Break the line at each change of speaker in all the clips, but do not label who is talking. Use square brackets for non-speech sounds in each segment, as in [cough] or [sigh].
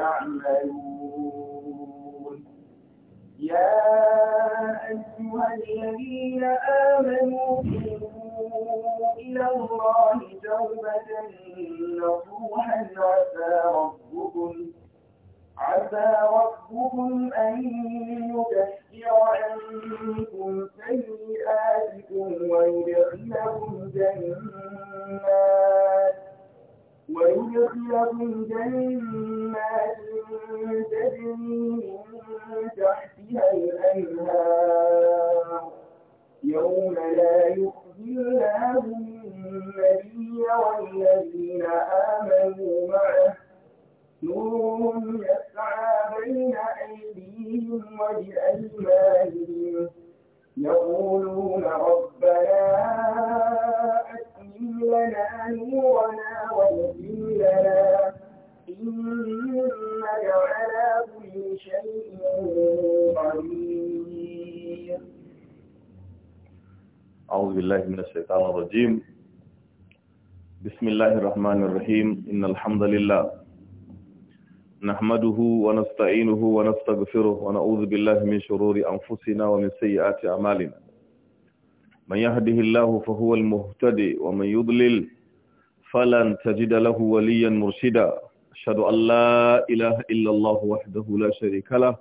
تعملون يا أيها الذين آمنوا توبوا إلى الله توبة نصوحا عسى ربكم عسى ربكم أن يكفر عنكم سيئاتكم ويدخلكم جنات ويدخلكم جنات تجري من تحتها الأنهار يوم لا يخزي الله النبي والذين آمنوا معه نور يسعى بين أيديهم وبأيمانهم يقولون ربنا لنا نورنا ويهدي لنا إنك على كل شيء قدير
أعوذ بالله من الشيطان الرجيم بسم الله الرحمن الرحيم إن الحمد لله نحمده ونستعينه ونستغفره ونعوذ بالله من شرور أنفسنا ومن سيئات أعمالنا من يهده الله فهو المهتدي ومن يضلل فلن تجد له وليا مرشدا أشهد أن لا إله إلا الله وحده لا شريك له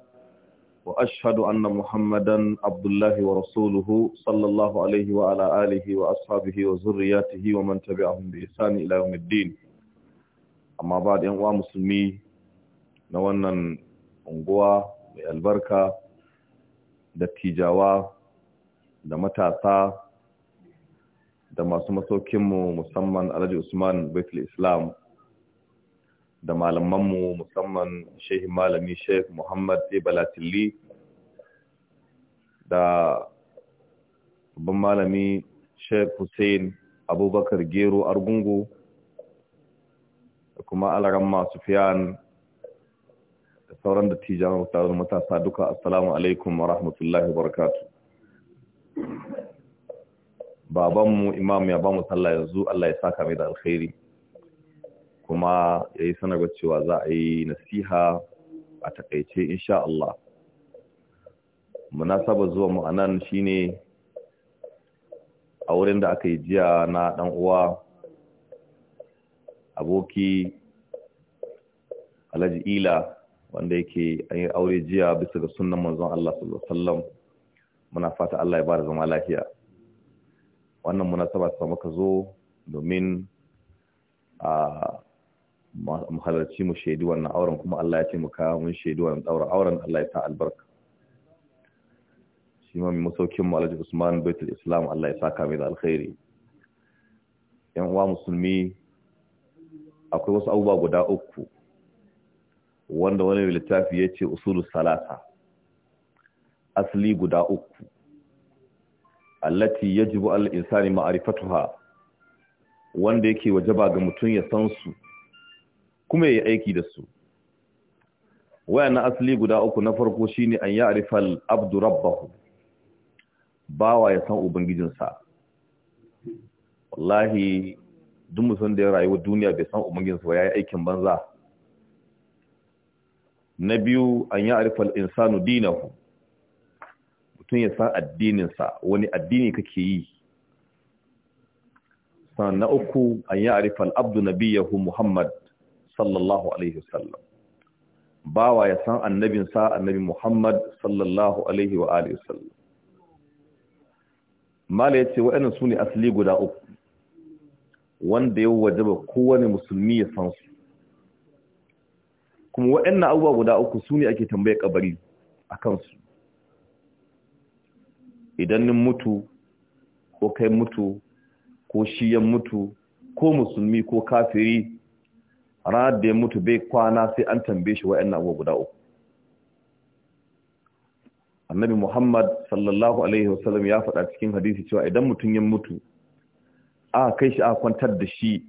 وأشهد أن محمدا عبد الله ورسوله صلى الله عليه وعلى آله وأصحابه وذرياته ومن تبعهم بإحسان إلى يوم الدين أما بعد أنواع مسلمي نوانا أنقوى البركة دتيجاوا da matasa da masu masaukinmu musamman alhaji usman baitul islam da malamanmu musamman shehi malami sheikh muhammad ibalatilli da babban malami sheikh hussein abubakar gero argungu da kuma alaran masu fiyan da sauran dattijan taron matasa duka assalamu alaikum wa rahmatullahi wa barakatuh babanmu imam ya ba mu sallah yanzu Allah ya saka mai da alkhairi kuma ya yi sanarwa cewa za a yi nasiha a takaice insha Allah munasaba zuwa mu anan shine a wurin da aka yi jiya na dan uwa aboki Alhaji Ila wanda yake an yi aure jiya bisa ga sunnan manzon Allah sallallahu alaihi wasallam muna fata Allah ya bada zama lafiya wannan munasaba ta ka zo domin a mu halarci mu shaidi wannan auren kuma Allah ya ce mu mun shaidi wannan daura auren Allah ya sa albarka shi ma mai masaukin mu Alhaji Usman Baitul Islam Allah ya saka mai da alkhairi yan uwa musulmi akwai wasu abubuwa guda uku wanda wani littafi ya ce usulu salasa asli guda uku allati yajibu al insani ma'rifatuha wanda yake ba ga mutum ya san su kuma ya aiki da su na asali guda uku na farko shine an ya'rifa al abdu rabbahu bawa ya san ubangijinsa wallahi duk da ya rayuwa duniya bai san ubangijinsa ba yayi aikin banza na biyu an ya'rifa insanu dinahu mutum ya san addininsa wani addini kake yi na uku an yi arifan abdu biyahu muhammad sallallahu alaihi wasallam bawa ya san annabinsa annabi muhammad sallallahu alaihi wa alaihi wasallam mala ya ce waɗannan su ne asali guda uku wanda ya wajaba kowane musulmi ya san su kuma waɗannan abubuwa guda uku su ne ake tambaye kabari a kansu idan nin mutu ko kai mutu ko shi ya mutu ko musulmi ko kafiri ranar da ya mutu bai kwana sai an tambaye shi wa'yan na'uwa guda uku annabi muhammad sallallahu alaihi wasallam ya faɗa cikin hadisi cewa idan mutum ya mutu aka kai shi aka kwantar da shi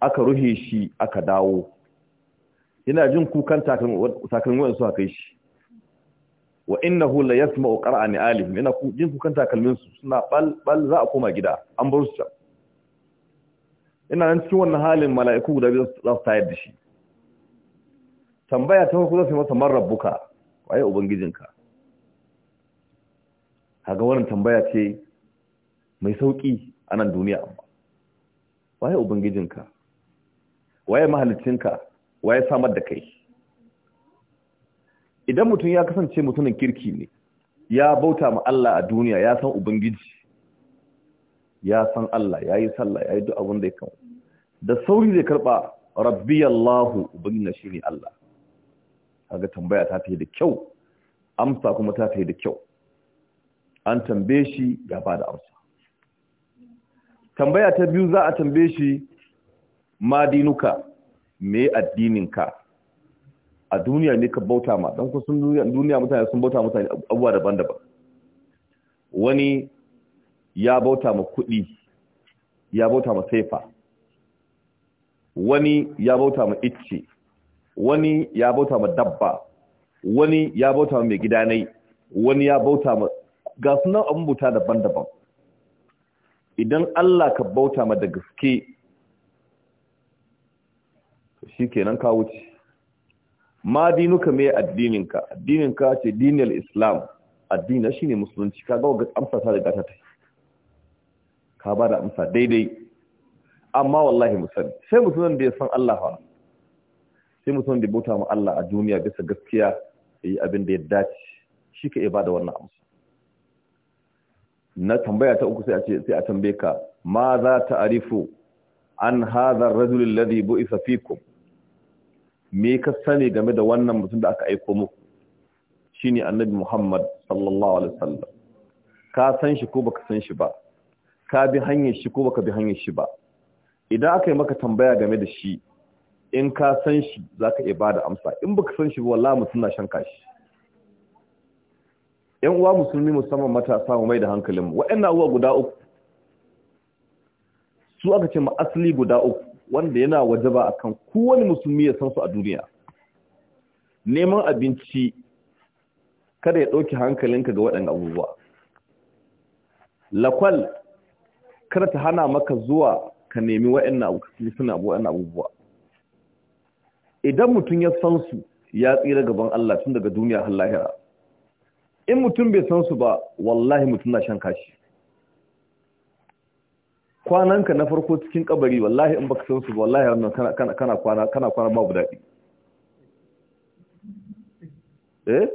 aka ruhe shi aka dawo yana jin kukan takalmin su aka kai shi wa innahu la yasma'u qara'a alihim ina ku jin kukan takalmin su suna bal bal za a koma gida an bar su ina nan cikin wannan halin mala'iku guda biyu za su tayar da shi tambaya ta ku za su yi masa man rabbuka waye ubangijinka kaga wannan tambaya ce mai sauki a nan duniya amma waye ubangijinka waye mahalicinka waye samar da kai idan mutum ya kasance mutumin kirki ne ya bauta ma Allah a duniya ya san ubangiji ya san Allah ya yi sallah ya yi duk abin da ya kan da sauri zai karɓa rabbiyallahu ubangina shi ne Allah kaga tambaya ta ta da kyau amsa kuma ta ta da kyau an tambaye shi ya ba da amsa tambaya ta biyu za a tambaye shi madinuka me addinin ka a duniya ne ka bauta ma don kusan duniya mutane sun bauta mutane abuwa daban-daban wani ya bauta ma kuɗi ya bauta ma saifa wani ya bauta ma icce wani ya bauta ma dabba wani ya bauta ma mai gidanai wani ya bauta ma ga sunan abin bauta daban-daban idan Allah ka bauta ma da gaske shi kenan kawo wuce ma dinuka me addininka addininka ce dinar islam addina shine musulunci Ka ga amsa ta gata ta ka ba da amsa daidai amma wallahi musulmi sai musulun da ya san Allah fa sai musulun da bauta ma Allah a duniya bisa gaskiya yi abin da ya dace shi ka ba da wannan amsa na tambaya ta uku sai a ce sai a tambaye ka ma za ta arifu an hadha ar-rajul alladhi bu'itha fikum me ka sani game da wannan mutum da aka aiko muku shine annabi Muhammad sallallahu alaihi wasallam ka san shi ko baka san shi ba ka bi hanyar shi ko baka bi hanyar shi ba idan aka yi maka tambaya game da shi in ka san shi zaka iya bada amsa in baka san shi wallahi mutum na shanka shi yan uwa musulmi musamman matasa mu mai da hankalin mu waɗannan uwa guda uku su aka ce ma asali guda uku wanda yana waje wajaba akan kowane musulmi ya san su a duniya neman abinci kada ya ɗauki hankalinka ga waɗannan abubuwa lakwal kada ta hana maka zuwa ka nemi waɗannan abubuwa idan mutum ya san su ya tsira gaban Allah tun daga duniya har lahira in mutum bai san su ba wallahi mutum na shan kashi kwananka na farko cikin kabari wallahi in baka san su wallahi wannan kana kana kwana kana kwana babu dadi eh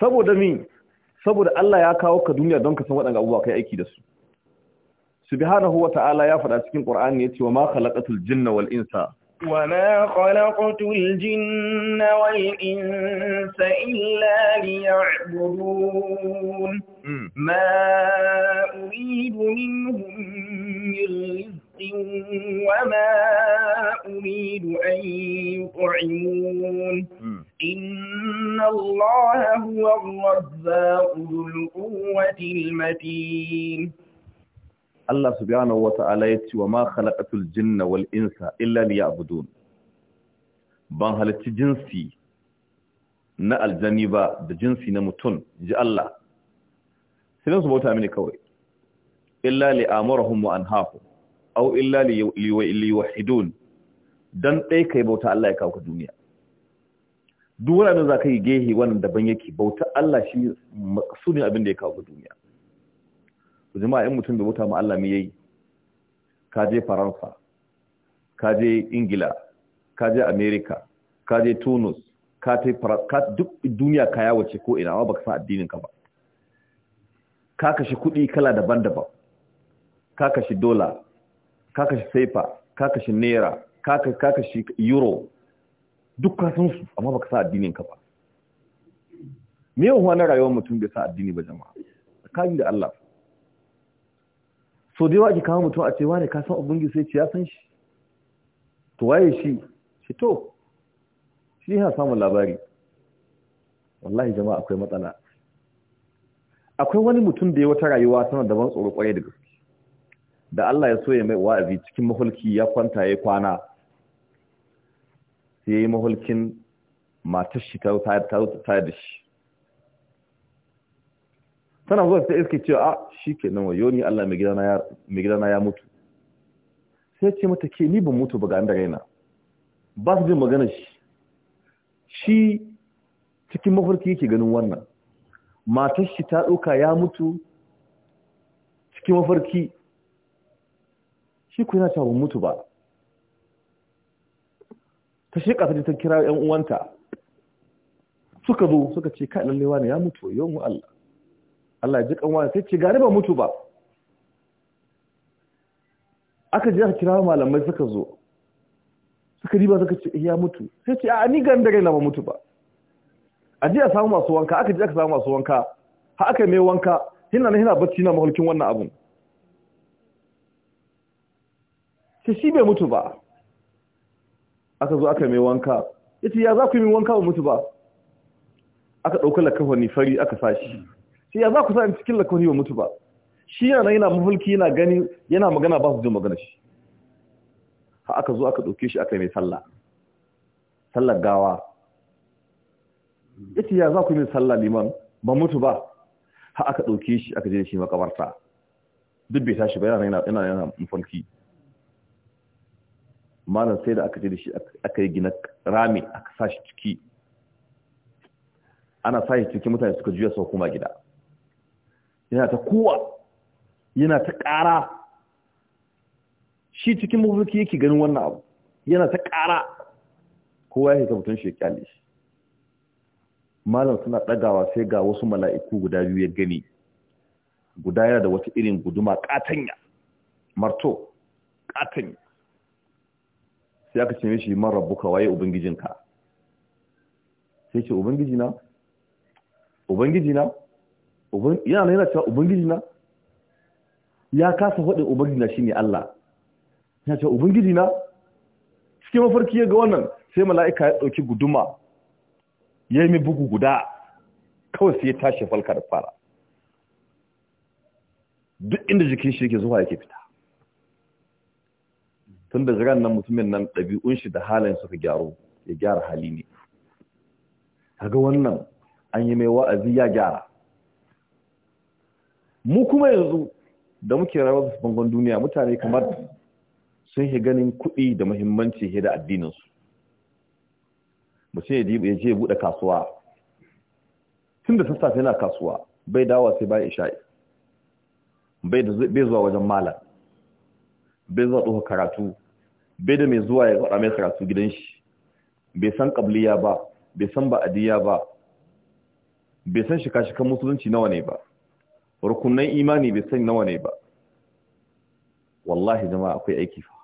saboda mi saboda Allah ya kawo ka duniya don ka san waɗannan abubuwa kai aiki da su subhanahu wata'ala ya faɗa cikin qur'ani yace wa ma khalaqatul jinna wal insa
وما خلقت الجن والإنس إلا ليعبدون ما أريد منهم من رزق وما أريد أن يطعمون إن الله هو الرزاق ذو القوة المتين
Allah subhanahu wata'ala ya ce wa ma khalaqatul jinna wal insa illa liya'budun ban halarci jinsi na aljani ba da jinsi na mutum ji Allah sai su bauta mini kawai illa li'amurahum wa anhahum aw illa liwahidun dan dai kai bauta Allah ya kawo ka duniya duk wanda zaka yi gehi wannan daban yake bauta Allah shi maksudin abin da ya kawo duniya jama'a yan mutum da wuta ma Allah me yayi ka je Faransa ka je Ingila ka je America ka je tunus ka tai ka duk duniya ka yawace ko ina ba ka san addinin ka ba ka kashi kudi kala daban-daban ka kashi dola ka kashi saifa ka kashi naira ka kashi euro duk ka san su amma baka sa addinin ka ba me yawan wani rayuwar mutum bai sa addini ba jama'a yi da Allah so da yawa kawo mutum a cewa ne ka san abin sai ce ya san shi to waye shi shi to shi ya samun labari wallahi jama'a akwai matsala akwai wani mutum da ya wata rayuwa tana daban tsoro kwarai da gaske da Allah ya so ya mai wa'azi cikin mahulki ya kwanta ya kwana sai ya yi mahulkin matar shi ta yi da shi tana zuwa ta iske cewa ah shi ke nan wayo ni Allah mai gidana ya mutu sai ce mata ke ni ban mutu ba ga an da raina ba su jin magana shi shi cikin mafarki yake ganin wannan matar shi ta ɗauka ya mutu cikin mafarki shi ku yana cewa ban mutu ba ta shi ƙasa ta kira 'yan uwanta suka zo suka ce kai lallewa ne ya mutu yau mu Allah Allah ji kanwa sai ce gari ba mutu ba aka je aka kira malamai suka zo suka riba suka ce eh, ya mutu sai ce a ni gan da raina ba mutu ba a je a samu masu wanka aka je aka samu masu wanka ha aka mai wanka hina na hina bacci na mahulkin wannan abun sai shi bai mutu ba aka zo aka mai wanka ya ce ya za ku yi mai wanka ba mutu ba aka ɗauka lakafani fari aka sashi sai ya za ku sa in cikin lakoni ba mutu ba shi yana yana mafulki yana gani yana magana ba su ji magana shi ha aka zo aka ɗauke shi aka mai sallah sallar gawa ita ya za ku yi sallah liman ba mutu ba ha aka ɗauke shi aka je shi makabarta duk bai tashi ba yana yana yana mafulki malam sai da aka je da shi aka yi gina rami aka sa shi ciki ana sa shi ciki mutane suka juya sau kuma gida yana ta kuwa yana ta ƙara shi cikin mafarki yake ganin wannan abu yana ta ƙara kowa ya mutum shi ya kyale shi malam suna ɗagawa sai ga wasu mala'iku guda biyu ya gani guda yana da wata irin guduma ƙatanya marto ƙatanya sai aka ce mishi man ka, waye ubangijinka sai ce ubangijina ubangijina yana yana cewa ubangiji na ya kasa faɗin ubangiji na shine Allah ya ce ubangiji na cikin mafarki ya ga wannan sai mala'ika ya ɗauki guduma ya yi bugu guda kawai sai ya tashi falka da fara duk inda jikin shi yake zuwa yake fita tun da jiran nan mutumin nan ɗabi'un shi da halin suka gyaro ya gyara hali ne ga wannan an yi mai wa'azi ya gyara mu kuma yanzu da muke rawar su bangon duniya mutane kamar sun yi ganin kuɗi da muhimmanci he da addininsu mutum ya je buɗe kasuwa tun da sassafe yana kasuwa bai dawa sai bai isha'i bai da zuwa wajen malam bai zuwa tsohon karatu bai da mai zuwa ya faɗa mai karatu gidan shi bai san kabliya ba bai san ba'adiyya ba bai san shika-shikan musulunci nawa ne ba rukunan imani bai san nawa ne ba wallahi jama'a akwai aiki fa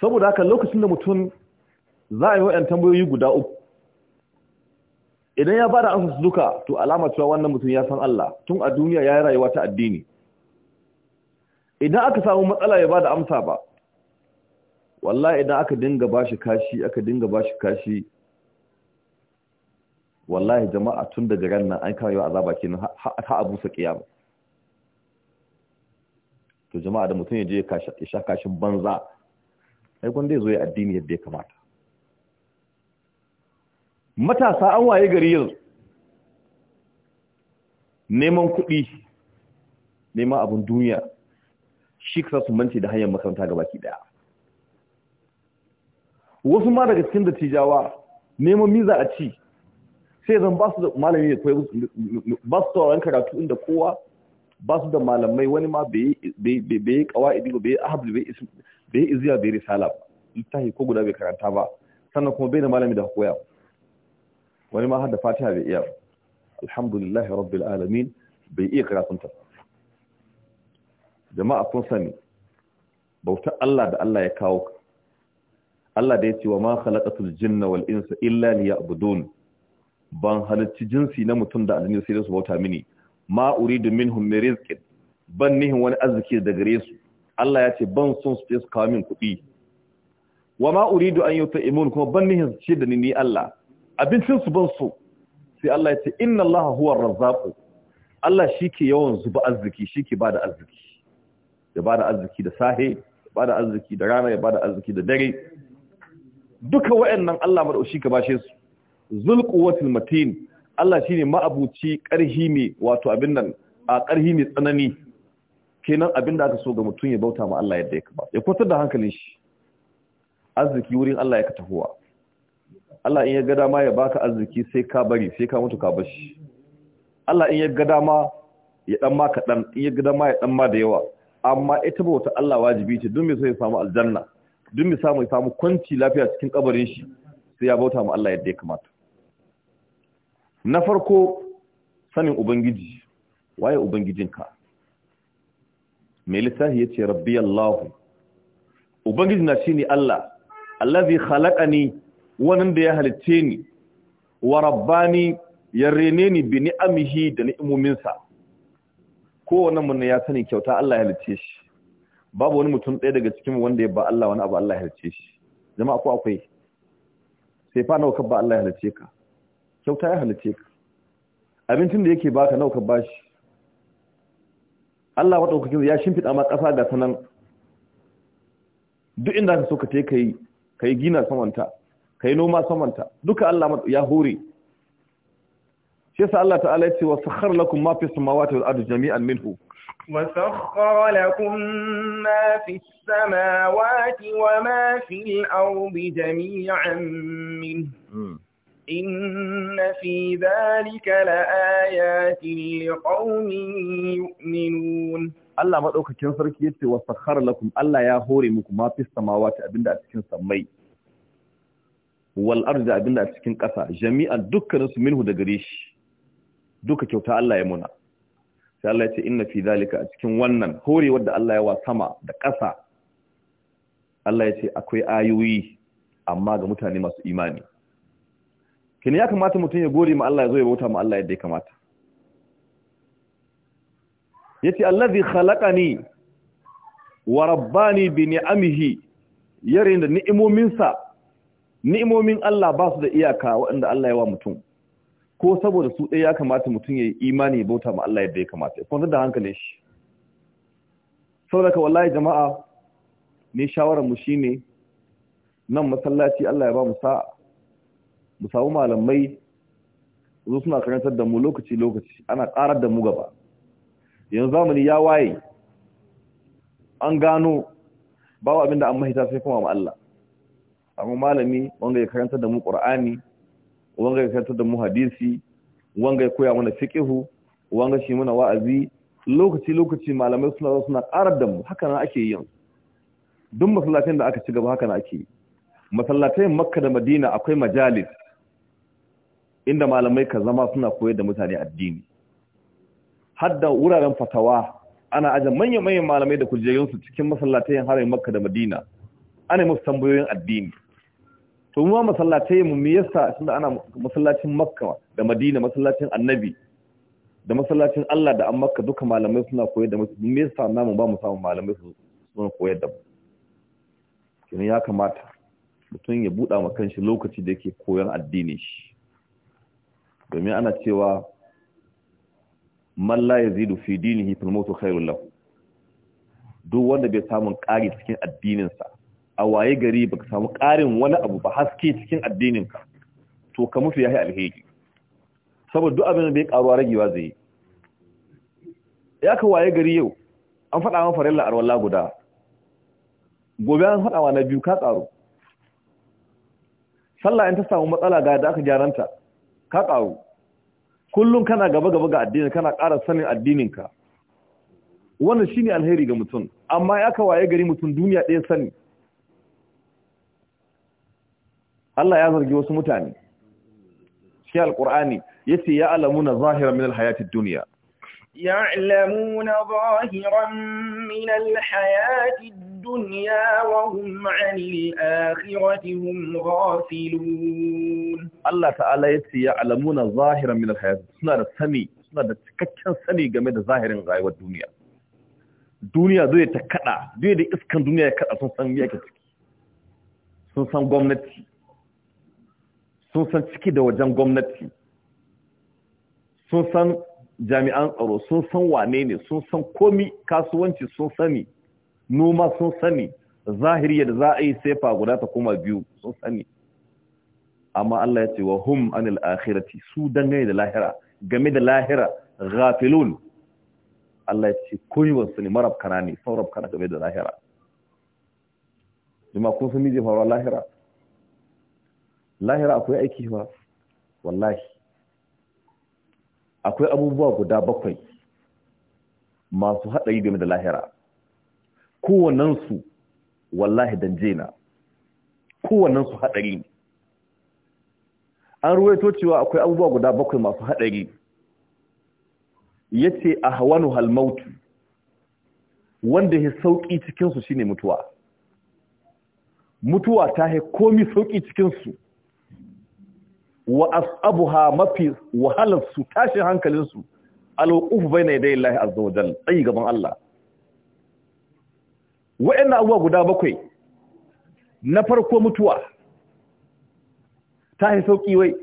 saboda haka lokacin da mutum za a yi wa'yan tambayoyi guda uku idan ya bada amsa duka to alama cewa wannan mutum ya san Allah tun a duniya ya yi rayuwa ta addini idan aka samu matsala ya bada amsa ba wallahi idan aka dinga bashi kashi aka dinga bashi kashi wallahi jama'a tun daga ran nan an kawo azaba kenan ha abu sa kiyama to jama'a da mutum ya je ya sha kashin banza ai gwanda ya zo ya addini yadda ya kamata matasa an waye gari yanzu neman kuɗi neman abin duniya shi kasa su manci da hanyar makaranta ga baki ɗaya wasu ma daga cikin dattijawa neman miza a ci sai zan ba su da malami ne koyi ba su sauran karatu inda kowa ba su da malamai wani ma bai yi kawa idi ba bai yi ahabul bai yi iziya bai risala ba littafi ko guda bai karanta ba sannan kuma bai da malami da koya wani ma har da fatiha bai iya alhamdulillahi rabbil alamin bai iya karatunta jama'a kun sani bautar Allah da Allah ya kawo Allah da ya ce wa ma khalaqatul jinna wal insa illa liya'budun ban halarci jinsi na mutum da aljini sai da su bauta mini ma uridu minhum min rizqin ban nihin wani arziki da gare su Allah ya ce ban son su su kawo min kuɗi wa ma uridu an yutaimun kuma ban nihin su ce da ni ni Allah abincin su ban so sai Allah ya ce inna Allah huwa ar-razzaq Allah shike yawan zuba arziki shike bada arziki ya bada arziki da sahe ya bada arziki da rana ya bada arziki da dare duka waɗannan Allah madaushi ka bashe su zulkuwatul matin Allah shine ma'abuci ƙarhi ne wato abin nan a ƙarhi ne tsanani kenan abin da aka so ga mutum ya bauta ma Allah yadda ya kamata. ya kwatar da hankalin shi arziki wurin Allah ya ka tahowa Allah in ya ga dama ya baka arziki sai ka bari sai ka mutu ka bashi Allah in ya ga dama ya dan ma kaɗan in ya ga dama ya dan ma da yawa amma ita ba wata Allah wajibi ce don me so ya samu aljanna don me samu ya samu kwanci lafiya cikin kabarin shi sai ya bauta ma Allah yadda ya kamata na farko sanin ubangiji waye ubangijinka mai ya yace rabbi allah ubangiji na shine allah allazi khalaqani wannan da ya halicce ni wa rabbani ya rene ni bi ni'amihi da ni'imominsa kowanne mun ya sani kyauta Allah ya halicce shi babu wani mutum ɗaya daga cikin wanda ya ba Allah wani abu Allah ya halicce shi jama'a ko akwai sai fa nawa ka ba Allah ya halicce ka kyauta ya halice ka abincin da yake baka nauka bashi Allah maɗaukakin ya shimfiɗa ma ƙasa ga sanan duk inda ka so ka te ka yi gina samanta ka yi noma samanta duka Allah ya hore shi yasa Allah ta'ala ya ce wa sakhar lakum ma fi samawati wal ardi jami'an minhu
wa sakhara lakum ma fi samawati wa ma fi al ardi jami'an minhu hmm. إن في ذلك
لآيات لقوم يؤمنون Allah maɗaukakin sarki yace wa sakhara lakum Allah ya hore muku ma fi samawati abinda a cikin sammai wal ardi abinda a cikin ƙasa jami'an dukkanin su minhu da gare shi duka kyauta Allah ya muna sai Allah ya ce inna fi zalika a cikin wannan horewar da Allah ya wa sama da ƙasa Allah ya ce akwai ayoyi amma ga mutane masu imani kini ya kamata mutum ya gode ma Allah ya zo ya bauta ma Allah yadda ya kamata yace allazi khalaqani wa rabbani bi ni'amihi yare da ni'imominsa ni'imomin Allah ba su da iyaka waɗanda Allah ya wa mutum ko saboda su ɗaya ya kamata mutum ya yi imani ya bauta ma Allah yadda ya kamata kuma da hankalin shi saboda wallahi jama'a ni shawarar mu shine nan masallaci Allah ya ba mu sa'a mu samu malamai zo suna karantar da mu lokaci-lokaci ana karar da mu gaba yanzu zamani ya waye an gano babu abinda an mahita sai kuma ma Allah amma malami wanga ya karantar da mu Qur'ani wanga ya karantar da mu hadisi wanga ya koya mana fiqhu wanga shi mana wa'azi lokaci-lokaci malamai suna zo suna karar da mu haka nan ake yin duk masallacin da aka ci gaba haka nan ake yi masallatayin Makka da Madina akwai majalis inda malamai ka zama suna koyar da mutane addini hadda wuraren fatawa ana ajiye manya-manyan malamai da kujerunsu cikin masallatayin harin makka da madina ana musu tambayoyin addini to mu masallatai mu me yasa tunda ana masallacin makka da madina masallacin annabi da masallacin Allah da an makka duka malamai suna koyar da mu me yasa namu ba mu samu malamai su suna koyar da mu kin ya kamata mutum ya buɗa ma kanshi lokaci da yake koyon addini shi domin ana cewa Malla ya zidu fi dinihi fil mawt lahu duk wanda bai samun ƙari cikin addininsa a waye gari ka samu ƙarin wani abu ba haske cikin addininka to ka mutu yi alheri saboda duk abin da bai karuwa ragewa zai yi ya ka waye gari yau an faɗa wa farilla arwalla guda gobe an faɗa wa na biyu ka tsaro sallah in ta samu matsala ga da aka gyaranta ka ƙaru kullum kana gaba gaba ga addini kana ƙara sanin addininka wannan shi ne alheri ga mutum amma ya ka waye gari mutum duniya ɗaya sani Allah ya zargi wasu mutane shi ya ce ya na zahira min alhayatid duniya.
يعلمون ظاهرا من الحياة الدنيا وهم عن الآخرة
هم غافلون الله تعالى يتي يعلمون ظاهرا من الحياة سنة سمي سنة تككن سمي جميل ظاهر غاية الدنيا duniya zai ta kada zai da iskan duniya ya kada sun san yake ciki sun san gwamnati sun san ciki da wajen gwamnati sun san jami'an tsaro sun san wane ne sun san komi kasuwanci sun sani noma sun sani zahiri yadda za a yi sefa guda ta koma biyu sun sani amma Allah ya ce wa hum anil akhirati su dangane da lahira game da lahira ghafilun Allah ya ce koyi wasu ne marab kana ne saurab kana game da lahira kuma kun sun miji faruwa lahira lahira akwai aiki ba wallahi akwai abubuwa guda bakwai masu haɗari game da lahira kowannensu wallahi danje na kowannensu haɗari an ruwaito cewa akwai abubuwa guda bakwai masu haɗari ya ce a hawanu halmautu wanda ya sauƙi cikinsu shine mutuwa mutuwa ta haikomi sauƙi cikinsu wa as'abuha mafi wahalar su tashin hankalin su na bayna yaday Allah azza wa jalla tsayi gaban Allah wa'annan abubuwa guda bakwai na farko mutuwa ta yi sauƙi wai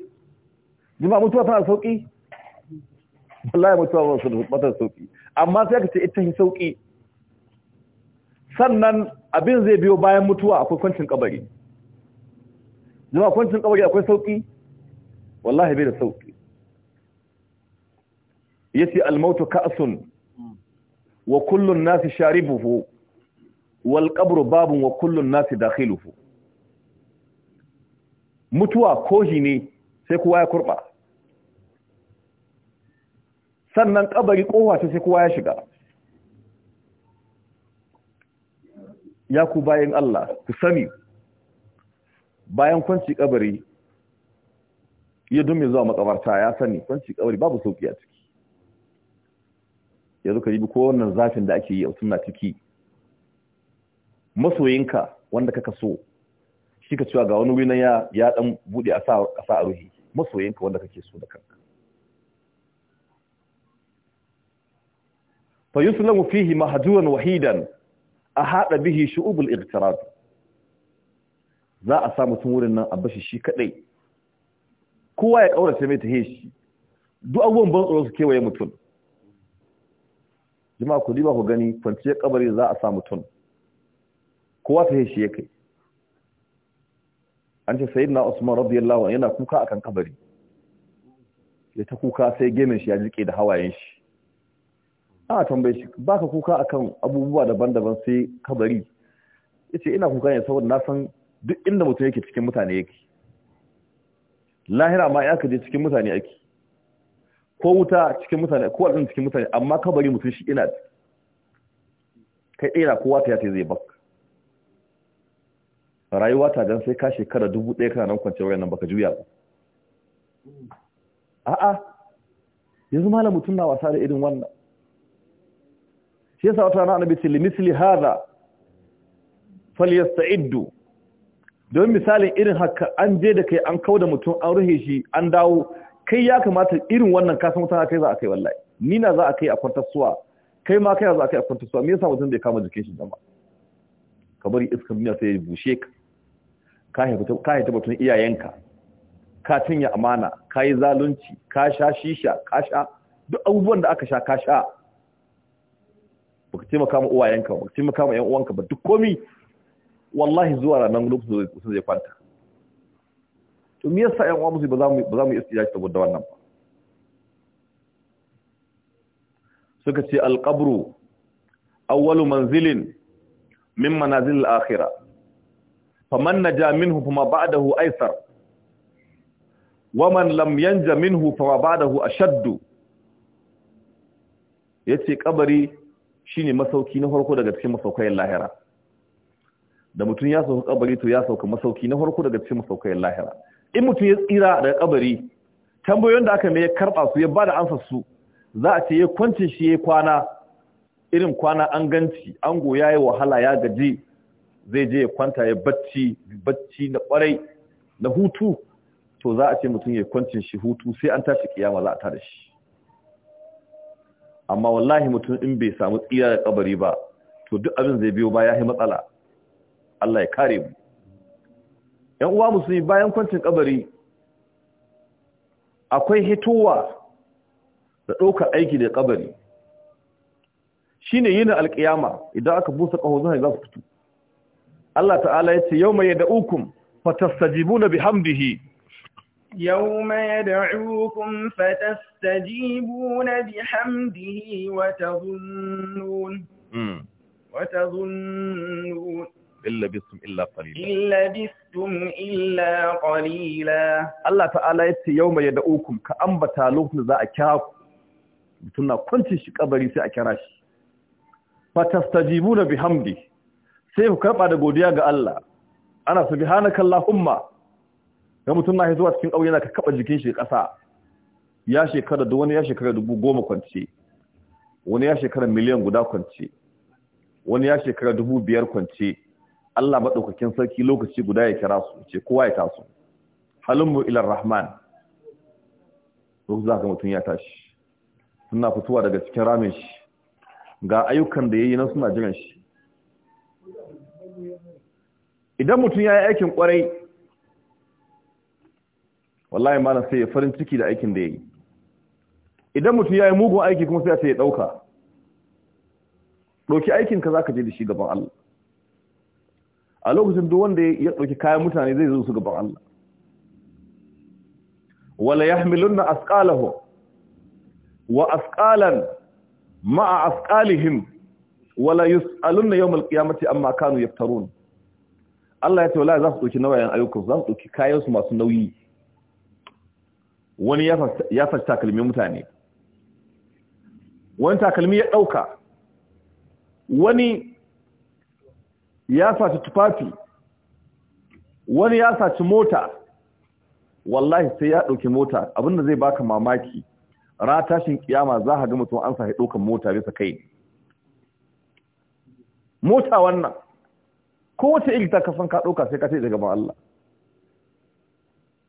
jima mutuwa tana sauƙi? wallahi mutuwa ba su mata sauƙi amma sai ka ce ita yi sauƙi sannan abin zai biyo bayan mutuwa akwai kwancin kabari jima kwancin kabari akwai sauƙi? wallahi bai da sauki yace al-mautu ka'sun wa kullu an-nasi sharibuhu wal qabru babun wa kullu an-nasi dakhiluhu mutuwa koji ne sai kowa ya kurba sannan kabari kowa ta sai kowa ya shiga ya ku bayan Allah ku sani bayan kwanci kabari iya dun mai zuwa makabarta ya sani kwanci kabari babu sauki a ciki yanzu ka ribi ko wannan zafin da ake yi a suna ciki masoyinka wanda kaka so shi ka cewa ga wani wina ya ya dan bude a sa a ruhi masoyinka wanda kake so da kanka fa yuslamu fihi mahjuran wahidan a hada bihi shu'ubul iqtirab za a sa mutum wurin nan a bashi shi kadai kowa ya sai mai ta heshi duk abubuwan ban tsoro su kewaye mutum jama'a ku diba ku gani kwanciyar kabari za a sa mutum kowa ta heshi ya kai an ce sayyidina usman radiyallahu yana kuka akan kabari ya ta kuka sai gemin shi ya jike da hawayen shi a tambaye shi baka kuka akan abubuwa daban-daban sai kabari Ya ce ina kuka ne saboda na san duk inda mutum yake cikin mutane yake lahira ma ya kaje cikin mutane ake ko wuta cikin mutane ko aljanna cikin mutane amma bari mutum shi ina kai ina kowa ta yata zai bak. rayuwa ta dan sai ka shekara dubu ɗaya kana nan kwance wayan nan baka juya ba a'a yanzu malam mutum na wasa da irin wannan shi yasa wata rana annabi ce limisli hadha falyasta'iddu don misalin irin haka an je da kai an kau da mutum an ruhe shi an dawo kai ya kamata irin wannan kasan mutum kai za a kai wallahi ni na za a kai a kwantarsuwa suwa kai ma kai za a kai a kwantarsuwa suwa me yasa mutum bai kama jikin shi dama ka bari iskar duniya sai ya bushe ka ka haifa ka haifa batun iyayenka ka tinya amana ka yi zalunci ka sha shisha ka sha duk abubuwan da aka sha ka sha baka taimaka ma uwayenka baka taimaka ma yan uwanka ba duk komi wallahi zuwa ranar lokacin da zai kwanta to me yasa ƴan uwa musu ba za mu ba za mu yi saboda wannan ba suka ce alqabru awwalu manzilin min manazil al-akhirah faman naja minhu fama ba'dahu aysar waman lam yanja minhu fama ba'dahu ashaddu yace kabari shine masauki na farko daga cikin masaukai lahira da mutum ya sauka kabari to ya sauka masauki na farko daga cikin masaukayar lahira in mutum ya tsira daga kabari tambayoyin da aka mai ya karba su ya bada amsar su za a ce ya kwance shi ya kwana irin kwana an ganci an goya ya wahala ya gaji zai je ya kwanta ya bacci bacci na kwarai na hutu to za a ce mutum ya kwancin shi hutu sai an tashi kiyama za a tada shi amma wallahi mutum in bai samu tsira da kabari ba to duk abin zai biyo ba ya yi matsala Allah ya kare mu ‘yan uwa musulmi bayan kwancin kabari akwai hituwa da ɗaukar aiki da kabari shi ne yin alƙiyama idan aka busa ƙaho zuwa za su fito Allah ta'ala ya ce yau mai da ukun fatastajibu na bihamdihi
يوم يدعوكم فتستجيبون بحمده wata
illabistum illa qalila
illabistum
illa qalila Allah ta'ala yace yauma yad'ukum ka ambata lokacin za a kira ku mutum na kwanci shi kabari sai a kira shi fatastajibuna bihamdi sai ku karba da godiya ga Allah ana subhanaka allahumma ga mutum na haizuwa cikin ƙauye na ka kaba jikin shi ƙasa ya shekara da wani ya shekara dubu goma kwance wani ya shekara miliyan guda kwance wani ya shekara dubu biyar kwance Allah maɗaukakin sarki lokaci guda ya kira su ce kowa ya taso halinmu ilar rahman duk za ka mutum ya tashi suna fitowa daga cikin ramin shi ga ayyukan da ya yi nan suna jiran shi idan mutum ya yi aikin kwarai wallahi malam sai ya farin ciki da aikin da ya yi idan mutum ya yi mugun aiki kuma sai ya ya ɗauka ɗauki aikinka za ka je da shi gaban Allah a lokacin duk wanda ya ɗauki kayan mutane zai zo su gaban Allah wala yahmilunna asqalahum wa asqalan ma'a asqalihim wala yus'alunna yawm al-qiyamati amma kanu yaftarun Allah ya ce wala za su ɗauki nauyin ayyukan za su ɗauki kayan su masu nauyi wani ya fashi takalmi mutane wani takalmi ya ɗauka wani ya saci tufafi wani ya saci mota wallahi sai ya ɗauki mota abinda zai baka mamaki ra tashin kiyama za ka ga mutum an sahi ɗaukan mota bisa kai mota wannan ko kowace iri ta kasan ka ɗauka sai ka ce daga Allah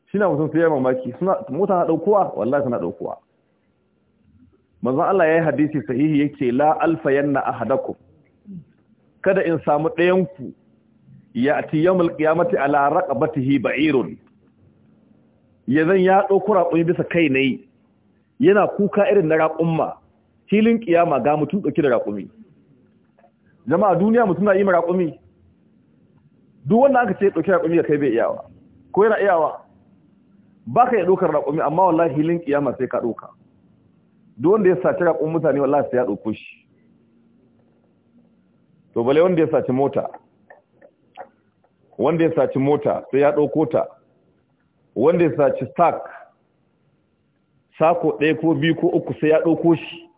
shi na mutum sai ya mamaki mota na ɗaukowa wallahi suna ɗaukowa manzan Allah ya yi hadisi sahihi yake la alfa yanna ahadakum kada in samu ɗayanku ya ati yawmul qiyamati ala raqabatihi ba'irun ya zan ya ɗauko raƙumi bisa kai yi. yana kuka irin na raƙumma filin ƙiyama ga mutum ɗauki da raƙumi jama'a duniya mutum na yi ma raƙumi duk wanda aka ce ɗauki raƙumi ga kai bai iyawa ko yana iyawa ba ka yi ɗaukar raƙumi amma wallahi filin ƙiyama sai ka ɗauka duk wanda ya saci raƙumin mutane wallahi sai ya ɗauko shi to bale wanda ya saci mota wanda ya saci mota sai ya ɗauko ta wanda ya saci sac sako ɗaya ko biyu ko uku sai ya ɗauko shi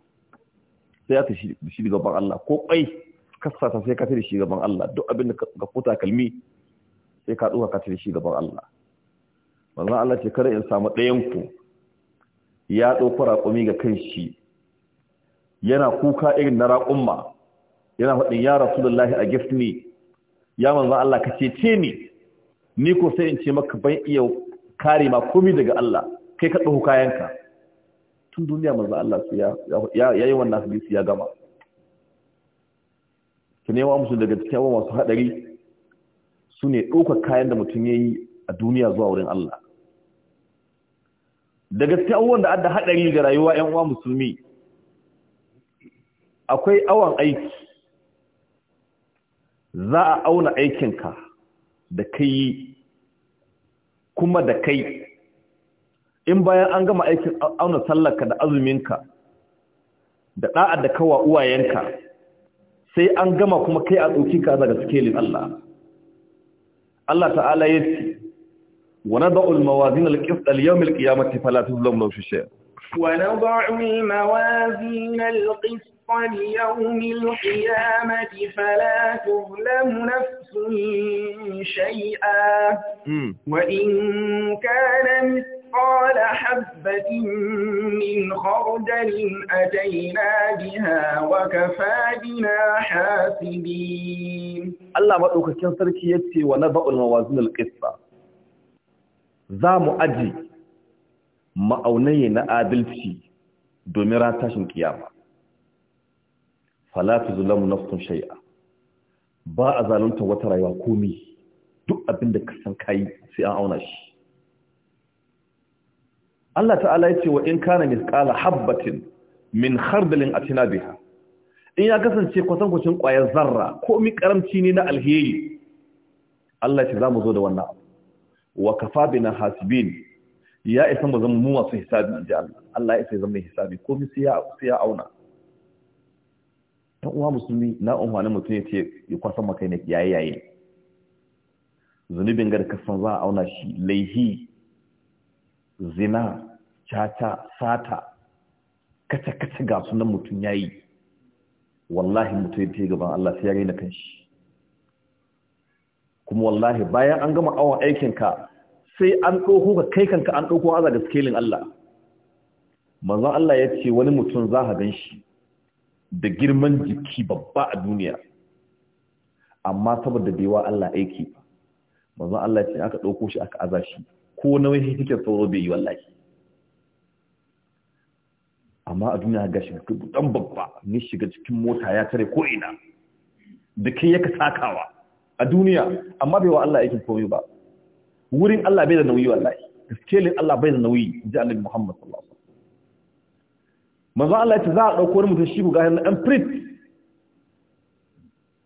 sai ya tashi da shi gaban Allah ko ƙwai kasata sai ka tashi da shi gaban Allah duk abin da ka kuta kalmi sai ka ɗuka ka tashi da shi gaban Allah manzo Allah ce kare in samu ɗayan ku ya ɗauko raƙumi ga kan shi yana kuka irin na raƙumma yana faɗin ya rasulullahi a gift me ya manzo Allah ka cece ni ni ko sai in ce maka ban iya kare ma komai daga Allah kai ka dauko kayanka tun duniya manzo Allah su ya yayi wannan hadisi ya gama ki wa musu daga cikin abubuwa masu hadari su ne dauka kayan da mutum ya yi a duniya zuwa wurin Allah daga cikin abubuwan da adda hadari ga rayuwa 'yan uwa musulmi akwai awon aiki za a auna aikinka da kai kuma da kai in bayan an gama aikin auna sallarka da azuminka da ɗa’a da kawa uwayenka sai an gama kuma kai a tsoki ka daga sikelin Allah Allah ta'ala ya ce wa nada'u al-mawazin alƙif qist al-yawm al-qiyamati fala tuzlamu
ونضع الموازين القسط ليوم القيامة فلا تظلم نفس شيئا وإن كان مثقال حبة من خردل أتينا بها وكفى بنا حاسبين
الله مدعوك كنصر كيتي ونضع الموازين القسط za mu ya na adalci domin ran tashin kiyama falatu zulamu nafsun shay'a ba a zalunta wata rayuwa komi duk abin da ka san kai sai an auna shi Allah ta'ala ya ce wa in kana misqala habatin min khardalin atina biha in ya kasance kwatan kwacin kwayar zarra komi karamci ne na alheri Allah ya ce zamu zo da wannan wa kafa bina hasibin ya isa ba zama mu masu hisabi inji Allah Allah ya isa ya zama hisabi ko mi sai ya auna dan uwa musulmi na umarnin mutum ya ce ya kwasan makai ne yayi yayi zunubin garka kasan za a auna shi laihi zina caca sata kace kace ga sunan mutum yayi wallahi mutum ya ce gaban Allah sai ya raina kanshi kuma wallahi bayan an gama awon aikinka sai an ɗauko ka kai kanka an ɗauko aza da skelin Allah manzon Allah ya ce wani mutum za ka gan shi da girman jiki babba a duniya amma saboda bai wa Allah aiki manzon Allah ce aka ɗauko shi aka aza shi ko nauyi kike sauro bai yi wallahi amma a duniya ga shi dan babba ni shiga cikin mota ya tare ko ina da kai yaka sakawa a duniya amma bai wa Allah aikin komai ba wurin Allah bai da nauyi wallahi skelin Allah bai da nauyi ji Annabi Muhammad sallallahu alaihi wasallam manzo Allah ya ce za a dauko wani mutum shi buga na dan prit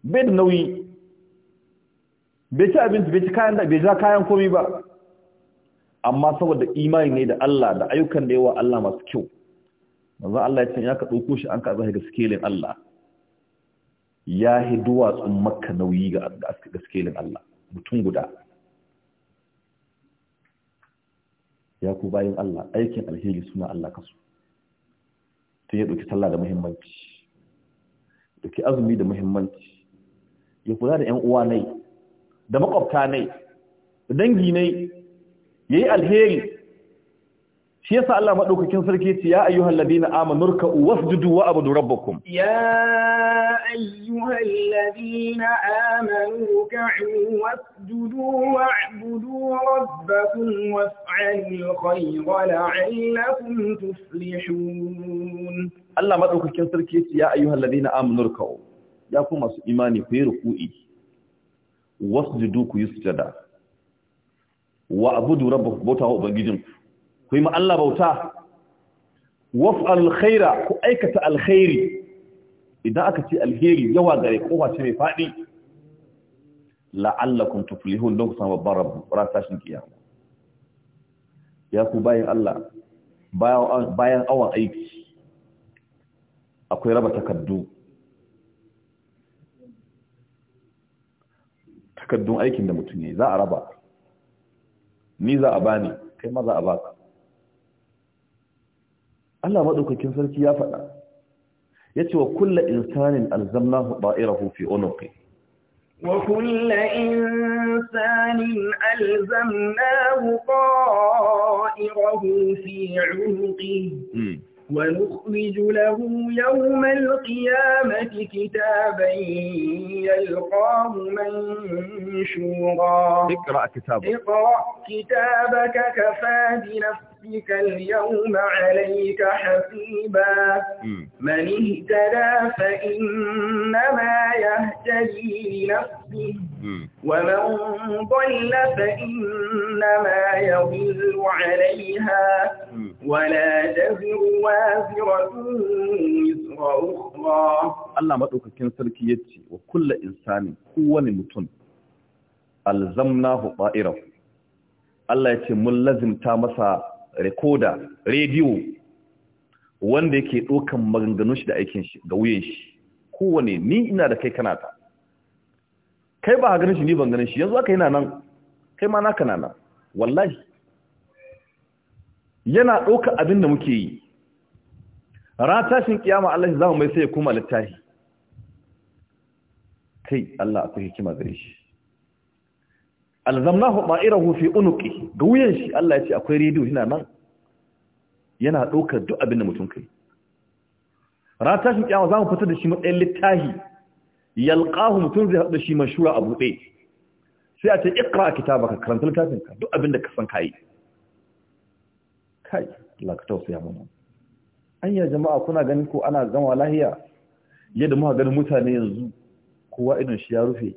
bai da nauyi bai ci abinci bai ci kayan da bai ja kayan komai ba amma saboda imani ne da Allah da ayyukan da yawa Allah masu kyau manzo Allah ya ce ya ka dauko shi an ka zai ga skelin Allah ya hi tsun makka nauyi ga skelin Allah mutum guda ya ku bayan Allah aikin alheri suna Allah kasu Ta ya ɗauki sallah da muhimmanci ɗauki azumi da muhimmanci ya kula da 'yan uwa nai da makwabta nai da dangi nai ya yi alheri shi yasa Allah madaukakin sarki ya ce ya ayyuhal ladina amanu ruk'u wasjudu wa abudu rabbakum
ya ayyuhal ladina amanu ruk'u wasjudu wa abudu rabbakum waf'alul khayra la'allakum tuflihun
Allah madaukakin sarki ya ce ya ayyuhal ladina amanu ruk'u ya ku masu imani ku yi ruku'i wasjudu ku yi sujada wa abudu rabbakum bauta wa ubangijinku ku yi ma Allah bauta waf'al alkhaira ku aikata alkhairi idan aka ce alheri yawa gare kofa ce mai faɗi la'allakum tuflihun don ku samu babban rabu ratashin kiyama ya ku bayan Allah bayan awon aiki akwai raba takardu takardun aikin da mutum ne za a raba ni za a bani kai ma za a baka Allah maɗaukakin sarki ya faɗa ya ce wa kulla insanin alzamnahu ba'irahu fi unuqi
وكل إنسان ألزمناه طائره في عنقه ونخرج له يوم القيامة كتابا يلقاه منشورا اقرأ
كتابك اقرأ
كتابك كفى بنفسك ربك اليوم عليك حسيبا من اهتدى فإنما يهتدي لنفسه ومن ضل فإنما يضل عليها
ولا
تزر وازرة وزر أخرى
الله مدوكاكين سلكي يتي وكل إنسان هو متن alzamnahu ba'irahu Allah ya ce mun lazimta masa rekoda rediyo wanda yake ɗaukan maganganun shi da aikin shi ga wuyan shi kowane ni ina da kai kana ta kai ba ganin shi ni ban ganin shi yanzu aka yana nan kai ma naka na wallahi yana ɗauka abin da muke yi rata tashin kiyama Allah shi zama mai sai ya kuma littafi kai Allah akwai hikima gare shi alzamnahu ba'irahu fi unuqi ga wuyan shi Allah ya ce akwai rediyo yana nan yana ɗaukar duk abin da mutum kai ran tashin kiyama za mu da shi matsayin littahi yalqahu mutum zai haɗu da shi mashura a buɗe sai a ce ikra kitabaka karanta littafin ka duk abin da ka san kai kai Allah ka tausaya mana anya jama'a kuna ganin ko ana zama lahiya yadda muka ga mutane yanzu kowa idan shi ya rufe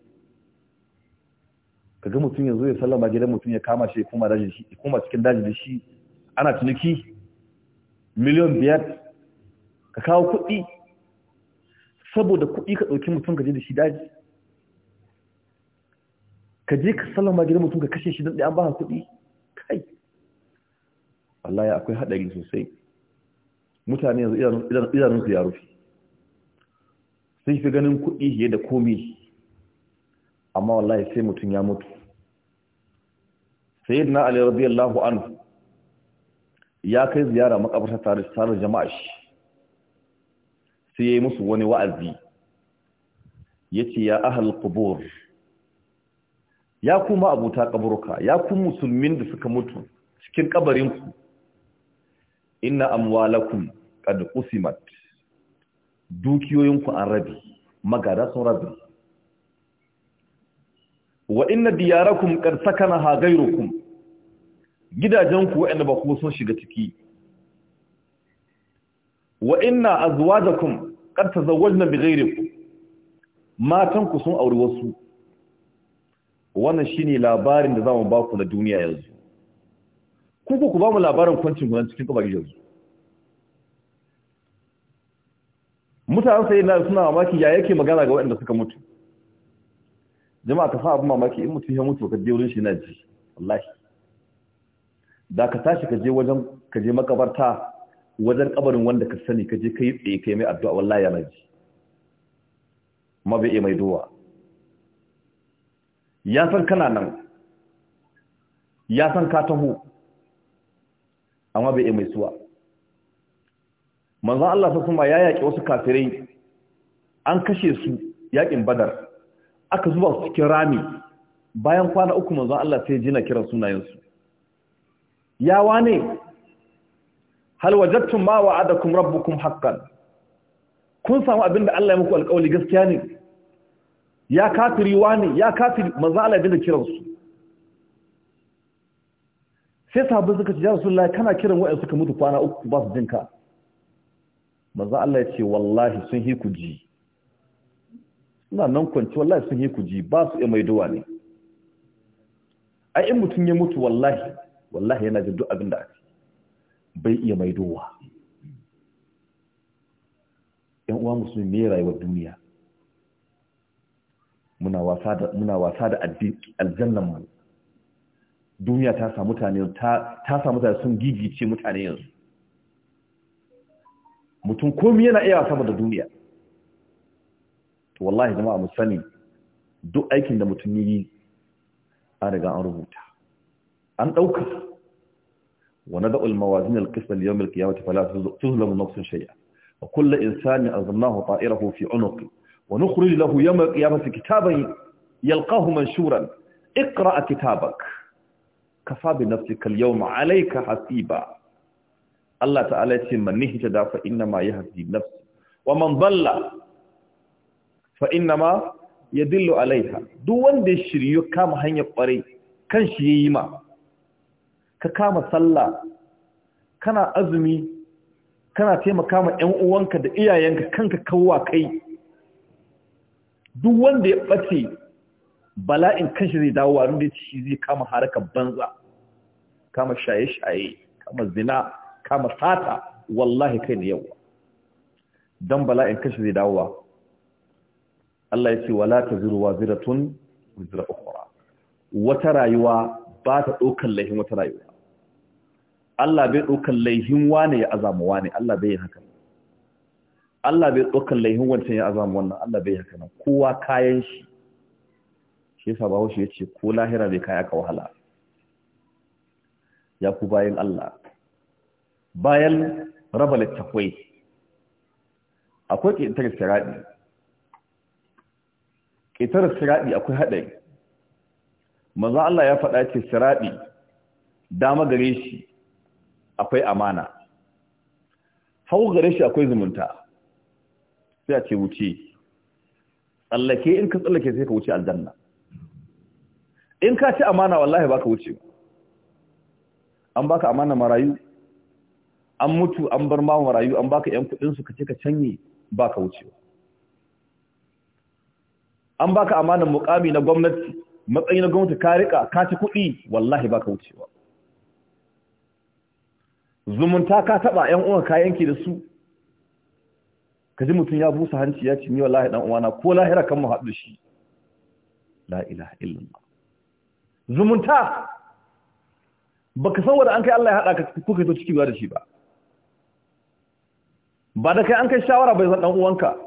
Ka ga mutum yanzu ya sallama gidan mutum ya kama shi kuma daji shi kuma cikin daji da shi ana ciniki miliyan biyar ka kawo kuɗi saboda kuɗi ka ɗauki mutum ka je da shi daji ka je ka sallama gidan mutum ka kashe shi don an ba kuɗi kai wallahi akwai haɗari sosai mutane yanzu idanunsu ya rufe Sai fi ganin kuɗi fiye da komi amma wallahi sai mutum ya mutu na ali radiyallahu anhu ya kai ziyara makabarta tare tare jama'a shi sai yayi musu wani wa'azi yace ya ahal qubur ya kuma abuta kaburuka ya kuma musulmin da suka mutu cikin kabarin ku inna amwalakum qad usimat dukiyoyinku an rabi magada sun rabi wa inna diyarakum qad sakanaha ghayrukum gidajenku wa'anda ba ku sun shiga ciki wa inna azwajakum qad tazawwajna bighayrikum matanku sun auri wasu wannan shine labarin da zamu ba ku na duniya yanzu ku ku ba mu labarin kwancin gudan cikin kabari yanzu mutanen sai suna mamaki ya yake magana ga waɗanda suka mutu jama'a ta fa abin mamaki in mutum ya mutu ka je wurin shi na ji wallahi da ka tashi ka je wajen ka je makabarta wajen kabarin wanda ka sani ka je kai tsaye kai mai addu'a wallahi yana ji ma mai duwa ya san kana nan ya san ka taho amma bai mai suwa manzo Allah sai kuma ya yaki wasu kafirai an kashe su yakin badar aka zuba su cikin rami bayan kwana uku manzon Allah sai jina kira sunayensu ya wane hal wajadtum ma wa'adakum rabbukum haqqan kun samu abinda Allah ya muku alƙawari gaskiya ne ya kafiri wane ya kafiri manzon Allah ya kira su sai sabu suka ce ya rasulullahi kana kiran wa'ansu suka mutu kwana uku ba su jinka manzon Allah ya ce wallahi sun hi ku ji suna nan kwanci wallahi sun yi kuji ba su iya maidowa ne ai in mutum ya mutu wallahi wallahi yana jin duk abin da ake bai iya maidowa yan uwa musulmi ne rayuwar duniya muna wasa da muna wasa da aljannan mu duniya ta samu mutane ta ta samu mutane sun gigice mutane yanzu mutum komai yana iya wasa da duniya to wallahi jama'a mu sani duk aikin da mutum yi an riga an rubuta an dauka wa nad'u al-mawazin al-qist al-yawm al-qiyamah fala tuzlamu nafsun shay'a wa kullu insanin azamnahu ta'irahu fi 'unuqi wa nukhrij lahu yawm al-qiyamati kitaban yalqahu manshuran اقرأ كتابك كفى بنفسك اليوم عليك حسيبا الله تعالى يتم من نهج دافع إنما يهدي نفسه ومن ضل fa inna ya dillo alaiha duk wanda ya shiryu kama hanyar kwarai kan shi yi ma ka kama sallah kana azumi kana taimaka ma ƴan uwanka da iyayenka kanka kawwa kai duk wanda ya ɓace bala'in kan shi zai dawo warin da shi zai kama harakar banza kama shaye-shaye kama zina kama sata wallahi kai ne yawa Don bala'in shi zai dawo Allah ya ce wala taziru waziratun wizra ukhra wata rayuwa ba ta ɗaukan laihin wata rayuwa Allah bai ɗaukan laihin wane ya azama wane Allah bai haka Allah bai ɗaukan laihin wancan ya azama wannan Allah bai haka nan kowa kayan shi shi yasa bawo shi yace ko lahira bai kai aka wahala ya ku bayan Allah bayan raba littafai akwai ke ta gaskiya ƙetare siraɗi akwai haɗari Maza Allah ya faɗa ce siraɗi dama gare shi akwai amana hau gare shi akwai zumunta sai a ce wuce tsallake in ka tsallake sai ka wuce aljanna in ka ci amana wallahi baka wuce an baka amana marayu an mutu an bar ma marayu an baka yan kudin ka ce ka canye baka wucewa an baka amanar mukami na gwamnati matsayi na gwamnati ka rika ka ci kuɗi wallahi baka wucewa zumunta ka taɓa ‘yan uwa ka yanke da su ka ji mutum ya busa hanci ya ci ni wallahi ɗan uwana ko lahira kan mu haɗu shi la ilaha illallah zumunta baka san wanda an kai Allah ya haɗa ka kuka to ciki da shi ba ba da kai an kai shawara bai zan ɗan uwanka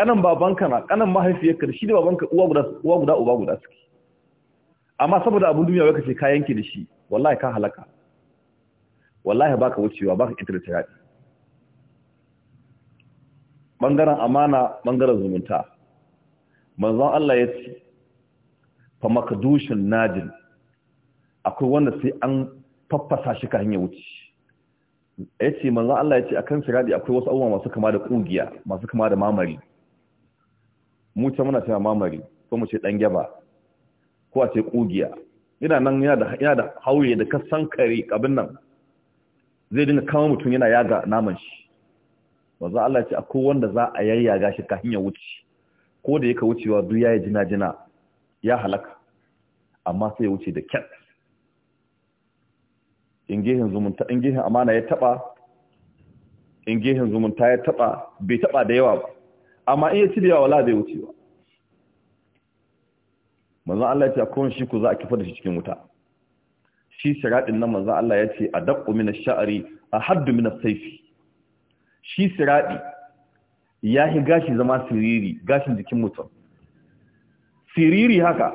kanan babanka na kanan mahaifiyarka da shi da babanka uwa guda uwa guda uba guda suke amma saboda abun duniya wai kace ka yanke da shi wallahi ka halaka wallahi baka wucewa baka internet therapy bangaren amana bangaren zumunta manzon Allah ya ce fa makdushun najin akwai wanda sai an faffasa shi ka hanya wuce ya ce manzon Allah ya ce akan sirabi akwai wasu abubuwa masu kama da kungiya masu kama da mamari mu ce muna cewa mamari ko mu ce dan gyaba ko a ce kugiya ina nan yana da hauye da kasan kare abin nan zai dinga kama mutum yana yaga naman shi wanzu Allah ya ce akwai wanda za a yayyaga shi kafin ya wuce ko da yake wucewa duk yayi jina jina ya halaka amma sai ya wuce da kyat in zumunta in amana ya taba in zumunta ya taba bai taba da yawa ba amma in ya wala bai wuce ba manzo Allah ya ce akon shi ku za a kifa da shi cikin wuta shi siradin nan manzo Allah ya ce adaqqu min ash-sha'ri ahaddu min as-sayfi shi siradi yahi gashi zama siriri gashin jikin mutum siriri haka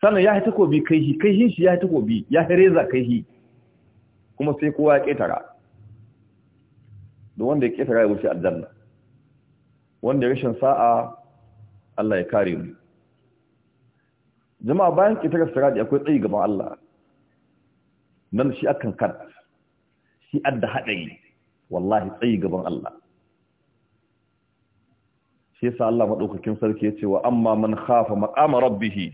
sannan yahi takobi kaihi kaihin shi yahi takobi yahi reza kaihi kuma sai kowa ya ketara duk wanda ya ketara ya wuce aljanna wanda rashin sa'a Allah ya kare mu jama'a bayan kitar sirati akwai tsayi gaban Allah nan shi akan kan shi adda haɗari wallahi tsayi gaban Allah shi yasa Allah madaukakin sarki ya ce wa amma man khafa maqama rabbihi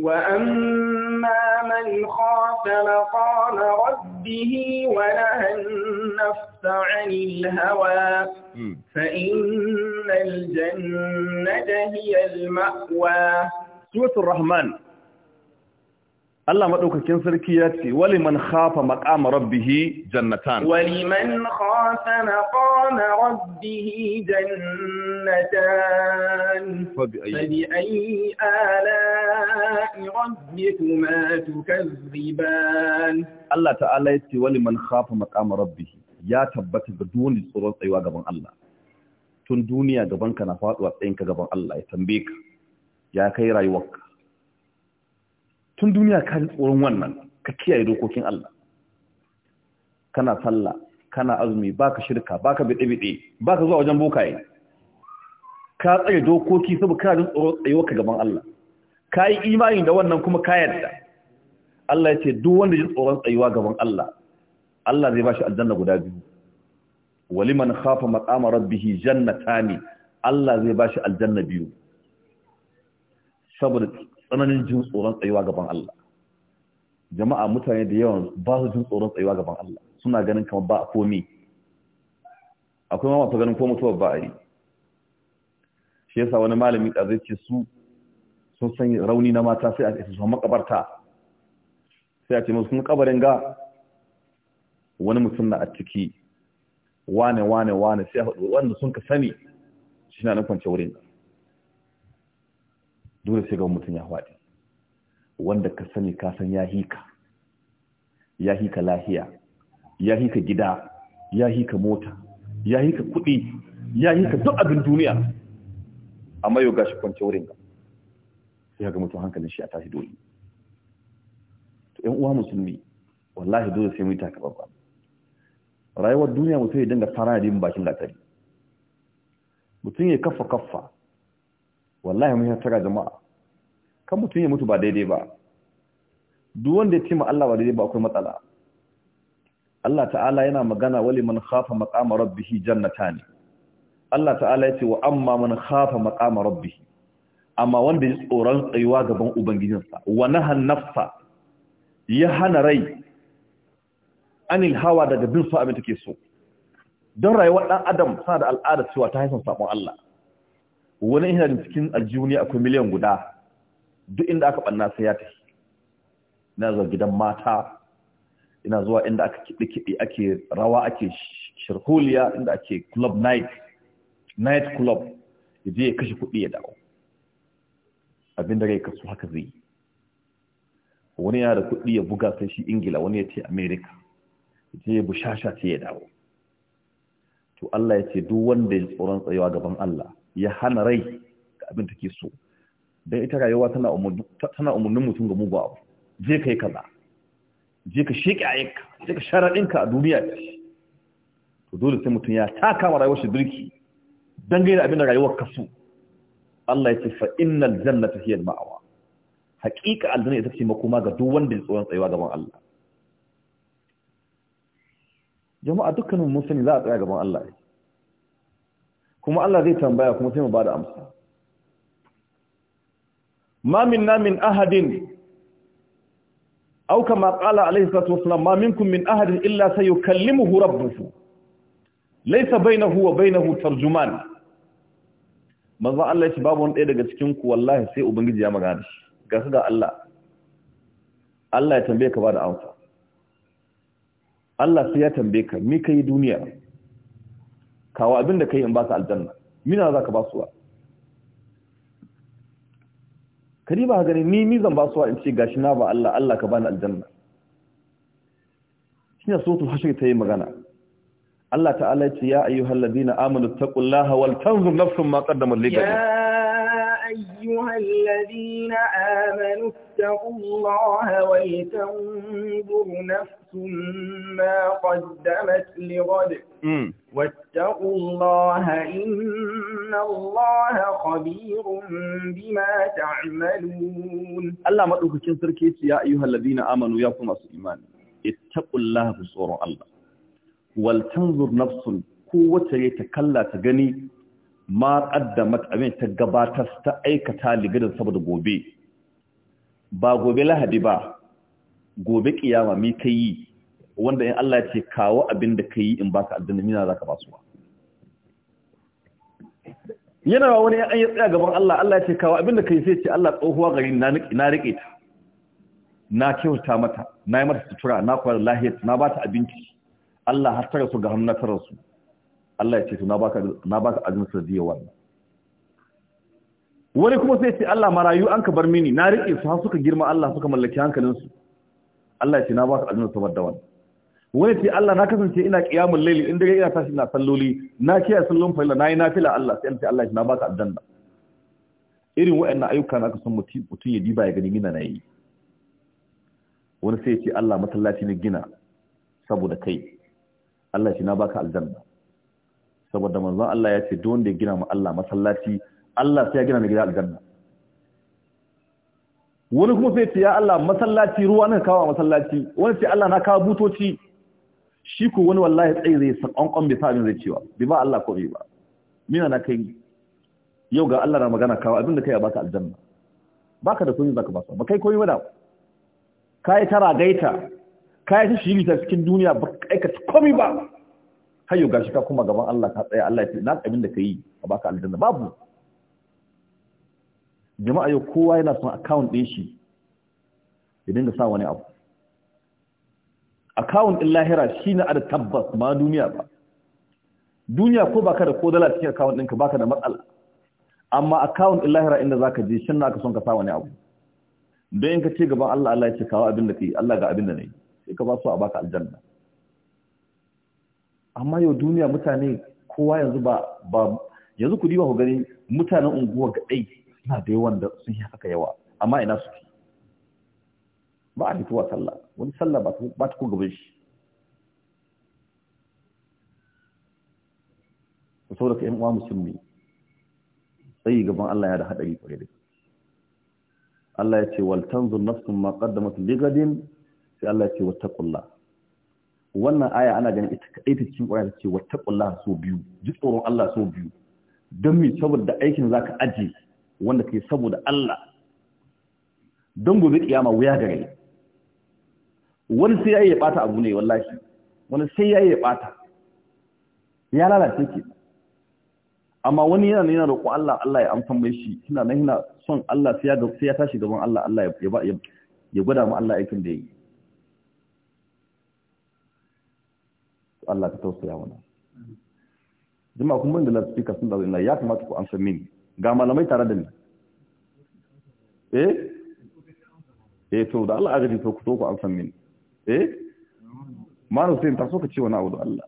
وأما من خاف مقام ربه ونهى النفس عن الهوى فإن الجنة هي المأوى
سورة الرحمن Allah madaukakin sarki ya ce waliman khafa maqama rabbih jannatan waliman
khafa maqama rabbih jannatan fabi ayi ala'i rabbikuma
tukazziban Allah ta'ala ya ce waliman khafa maqama rabbih ya tabbata ga dole tsoron tsayuwa gaban Allah tun duniya gaban ka na faduwa tsayinka gaban Allah ya tambaye ka ya kai rayuwarka tun duniya ka ji tsoron wannan ka kiyaye dokokin Allah kana sallah kana azumi baka shirka baka bide-bide baka zuwa wajen bokaye ka tsaye dokoki saboda kana jin tsoron tsayuwarka gaban Allah ka yi imani da wannan kuma ka yarda Allah ya ce duk wanda ji tsoron tsayuwa gaban Allah Allah zai bashi aljanna guda biyu waliman khafa maqama rabbih jannatani Allah zai bashi aljanna biyu saboda tsananin jin tsoron tsayuwa gaban Allah jama'a mutane da yawan ba su jin tsoron tsayuwa gaban Allah suna ganin kamar ba a komi akwai ma masu ganin ko mutuwar ba a yi shi yasa wani malami ɗazai ce su sun san rauni na mata sai a ce su makabarta sai a ce musu kuma kabarin ga wani mutum na a ciki wane wane wane sai a faɗi wanda sun ka sani shi na nufin wurin dole sai ga mutum ya faɗi wanda ka sani ka san ya hika ya hika lahiya ya hika gida ya hika mota ya hika kuɗi ya hika duk abin duniya amma yau gashi kwance wurin ka sai ga mutum hankalin shi a tashi dole to ƴan uwa musulmi wallahi dole sai mu yi takabba rayuwar duniya mutum ya dinga fara da yin bakin gatari mutum ya kafa kafa wallahi mun tara jama'a kan mutum ya mutu ba daidai ba duk wanda ya tima Allah ba daidai ba akwai matsala Allah ta'ala yana magana wali man khafa maqama rabbih jannatan Allah ta'ala yace wa amma man khafa maqama rabbih amma wanda ya tsoron tsayuwa gaban ubangijinsa wa nahan nafsa ya hana rai anil hawa daga bin so abin take so don rayuwar dan adam sana da al'ada cewa ta haifin sabon Allah wani ina da cikin aljihuni akwai miliyan guda duk inda aka banna sai ya tafi ina zuwa gidan mata ina zuwa inda aka kiɗi kiɗi ake rawa ake shirhuliya inda ake club night night club ya je ya kashe kuɗi ya dawo abin da rai kasu haka zai yi. wani yana da kuɗi ya buga sai shi ingila wani ya ce america ya ce ya bushasha ce ya dawo to Allah ya ce duk wanda ya tsoron tsayawa gaban Allah ya hana rai ga abin take so don ita rayuwa tana umarnin mutum ga mugu abu je ka yi kaza je ka sheƙi a yanka je ka sharaɗinka a duniya ce to dole sai mutum ya taka ma rayuwar shi birki don gaira abin da rayuwar kasu Allah ya ce fa innal jannata hiya al-ma'wa haƙiƙa aljanna ita ce makoma ga duk wanda ya tsoron tsayuwa gaban Allah jama'a dukkanin mun sani za a tsaya gaban Allah ne kuma Allah zai tambaya kuma sai mu bada amsa ma minna min ahadin aw kama qala alayhi salatu wassalam ma minkum min ahadin illa sayukallimuhu rabbuhu laysa bainahu wa bainahu tarjuman manzo Allah ya ce babu wani daga cikin ku wallahi sai ubangiji ya magana shi ga ga Allah Allah ya tambaye ka ba da amsa Allah sai ya tambaye ka me kai duniya kawo abin da kai in ba su aljanna mina zaka basuwa kari ba gani ni mi zan wa in ce gashi na ba Allah Allah ka bani aljanna shine suratul hashr ta yi magana Allah ta'ala ya ce ya ayyuhallazina amanu taqullaha wal tanzur nafsum ma qaddamat li ghadin
أيها الذين آمنوا اتقوا الله ولتنظر نفس ما قدمت لغد واتقوا الله إن الله خبير بما تعملون
الله مدوك كنسركيت يا أيها الذين آمنوا يا كما إيمان اتقوا الله بصور الله ولتنظر نفس قوة يتكلى تغني ma qaddamat abin ta gabatar ta aikata ligidan saboda gobe ba gobe lahadi ba gobe kiyama mi kai wanda in Allah ya ce kawo abin da ka yi in baka aljanna mina zaka ba su ba yana ba wani an yi tsaya gaban Allah Allah ya ce kawo abin da ka yi, sai ce Allah tsohuwa gari na na rike ta na kyauta mata na yi mata sutura na kwar lahiyar na ba ta abinci Allah har su ga hannun su Allah ya ce to na baka ka baka azumin sanadiyar wannan wani kuma sai ce Allah marayu an ka bar mini na riƙe su har suka girma Allah suka mallaki hankalinsu Allah ya ce na baka azumin saboda wannan wani ce Allah na kasance ina qiyamul layli inda ina tashi ina salloli na kiyaye sallon fa'ila nayi nafila Allah sai ce Allah ya ce na baka aljanna irin na ayyuka na ka san mutum ya diba ya gani mina na yi wani sai ce Allah masallaci ne gina saboda kai Allah shi na baka aljanna saboda manzon Allah ya ce duk wanda ya gina ma Allah masallaci Allah sai ya gina mai gida aljanna wani kuma sai ce ya Allah masallaci ruwa na kawo masallaci wani ce Allah na kawo butoci shi ko wani wallahi tsaye zai san kwankwan bai sa abin zai cewa bai ba Allah ko bai ba mina na kai yau ga Allah na magana kawo abin da kai ya baka aljanna baka da kuɗi zaka basa ba kai koyi wada kai tara gaita kai ta shi ta cikin duniya ba aikata komai ba hayo gashi ka kuma gaban Allah ka tsaya Allah ya ce na abin da ka yi ka baka aljanna babu jama'a yau kowa yana son account ɗin shi ya dinga sa wani abu account ɗin lahira shi na ada tabbas ma duniya ba duniya ko baka da ko dala cikin account ɗinka baka da matsala amma account ɗin lahira inda zaka je shin na ka son ka sa wani abu don in ka ce gaban Allah Allah ya ce kawo abin da ka yi Allah ga abin da na yi sai ka ba su a baka aljanna amma yau duniya mutane kowa yanzu ba ba yanzu ku diba ku gani mutanen unguwa ga dai suna da yawan da sun yi haka yawa amma ina suke ba a fitowa sallah wani sallah ba ta ko gaban shi ku da ka yan uwa musulmi sai gaban Allah ya da hadari kwarai da Allah ya ce wal tanzu nafsun ma qaddamat ligadin sai Allah ya ce wattaqullah wannan aya ana ganin ita kaɗai ta cikin ƙwaya ce wata ƙulla so biyu ji tsoron Allah so biyu don mi saboda aikin za ka aji wanda ka yi saboda Allah don gobe ƙiyama wuya gare wani sai ya yi ya ɓata abu ne wallahi wani sai ya yi ya ɓata ya lalace ke amma wani yana nuna roƙo Allah Allah ya amsan mai shi kina nan yana son Allah sai ya tashi gaban Allah Allah ya gwada mu Allah aikin da ya yi Allah ka tausaya mana jama'a kuma ban da lafika sun dawo na, ya kamata ku amsa min ga malamai tare da ni eh eh to da Allah agaji to ku to ku amsa min eh malam sai ta so ka ce wani abu da Allah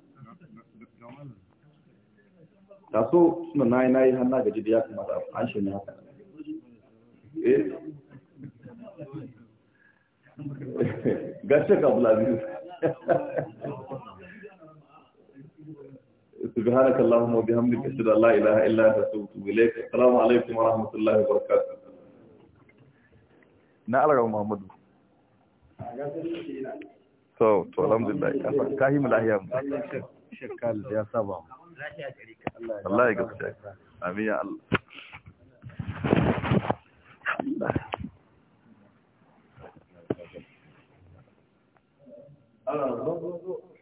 ta so na nayi nayi har na gaji da ya kamata an shi ne haka eh [laughs] Gashe ka bulabi [laughs] سبحانك اللهم وبحمدك اشهد ان لا اله الا انت استغفرك اليك السلام عليكم ورحمه الله وبركاته نالغ محمد تو تو الحمد لله كاهي ملاحيا شكال يا صاحب
الله يكفيك
امين يا الله الله الله